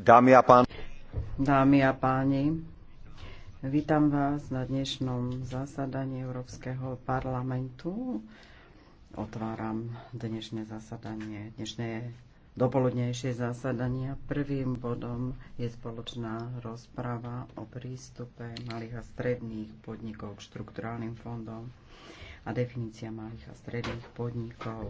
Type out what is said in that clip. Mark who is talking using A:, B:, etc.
A: Dámy a páni.
B: Dámy a páni, vítam vás na dnešnom zasadaní Európskeho parlamentu. Otváram dnešné zasadanie, dnešné dopoludnejšie zasadanie. Prvým bodom je spoločná rozprava o prístupe malých a stredných podnikov k štrukturálnym fondom a definícia malých a stredných podnikov.